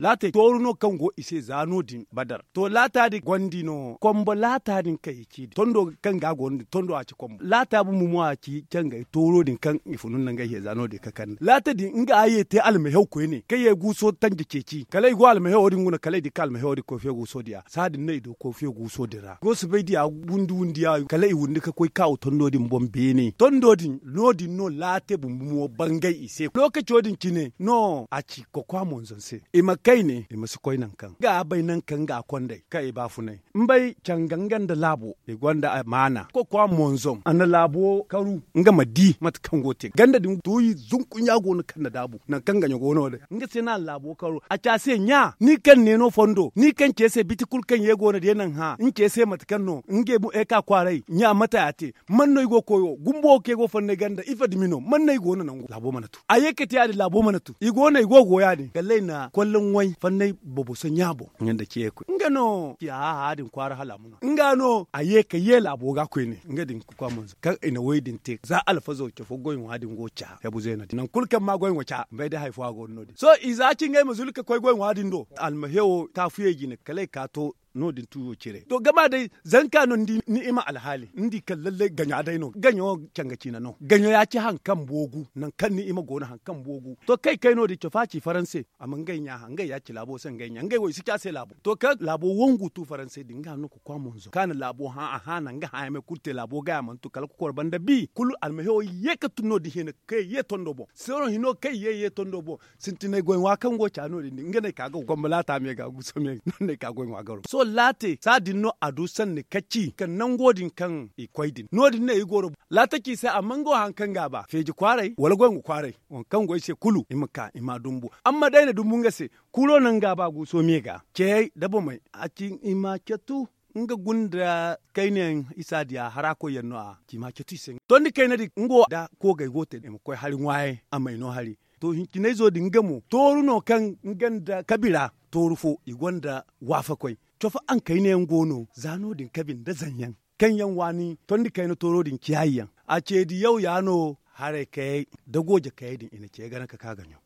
lata toru no kan go ise zano din badar to lata di gondi no kombo lata din kai ki tondo kan ga gondi tondo a ci kombo lata bu mu a ki kan ga toro din kan ifunun nan ga he zano de kan lata din inga aye te almehau ko ne kai ye guso tan di keki kalai go almehau din guna kalai di kal almehau di ko fe guso dia sadin nai do ko fe guso dira go su bai dia wundi ya kalai wundi ka koi kawo tondo din bombe ne tondo din no din no lata bu mu bangai ise lokacin din kine no a ci kokwa kwamon zonse e kai ne e masu koi nan kan ga bai nan kan ga kwandai kai ba fune in bai can gangan da labo e gwanda a mana ko kwa monzon an labo karu in ga madi mat kan gote ganda din toyi zunkun ya gonu kan da dabu nan kan ganyo gono da nga sai na labo karu a ta sai nya ni kan ne no fondo ni kan ke sai bitikul kan ye gona da nan ha in ke sai mat kan no in ge bu e ka kwarai nya mata ya te man no go koyo gumbo ke go fonne ganda ifa dimino man no go na nan labo manatu aye ke ta da labo manatu igona igo goya ne kallai na kullun wai fannai bobo san yabo yanda ke ku ngano ki ha hadin kwara hala mun ngano aye ka ye laboga ku ne ngadin ku kwa mun ka ina wai din te za alfazo ke fo goyin hadin gocha ya bu zaina nan kulkan ma goyin wacha bai da haifuwa go nodi so iza kin ga mazulka koi goyin hadin do almahewo ta fuye gine kale ka to no din tuwo cire to gama dai zanka no ndi ni'ima alhali ndi kan lalle ganya dai no ganyo canga cina no ganyo ya ci han kan bogu nan kan ni'ima gona han kan bogu to kai kai no di cofa ci faranse amma ganya han ngai ya ci labo san ganya ngai wai suka sai labo to ka labo wongu tu faranse din ga no ku kwamun zo kana labo ha a ha nan ga ha me kurte labo ga man to kal ku korban da bi kulu almaho ye ka no di hena kai ye tondo bo sero hino kai ye ye tondo bo sintine goin wa kan go cha no din ngai ka ga gombala ta me ga guso me ne ka goin wa garo so late din no adu san ne kaci kan nan godin kan ikwaidin nodin ne goro lata ki sai amman go hankan gaba feji kwarai wala gongo kwarai on kan go sai kulu imka ima dumbu amma dai na dumbun gase kulo nan gaba go so ga ke dabo mai akin ima ketu nga gunda kainen isa dia harako yanno a kima ketu sen tondi di ngo da ko gai gote em ko hari ngwaye amai no hari to kinai zo to runo kan nganda kabira torufo igonda wafa cofa an kai ne gono zano din kabin da zanyan kan yan wani tondi kai na toro din kiyayyan a ce di yau yano hare kai da goje kai din ina ce gana ka kaganyo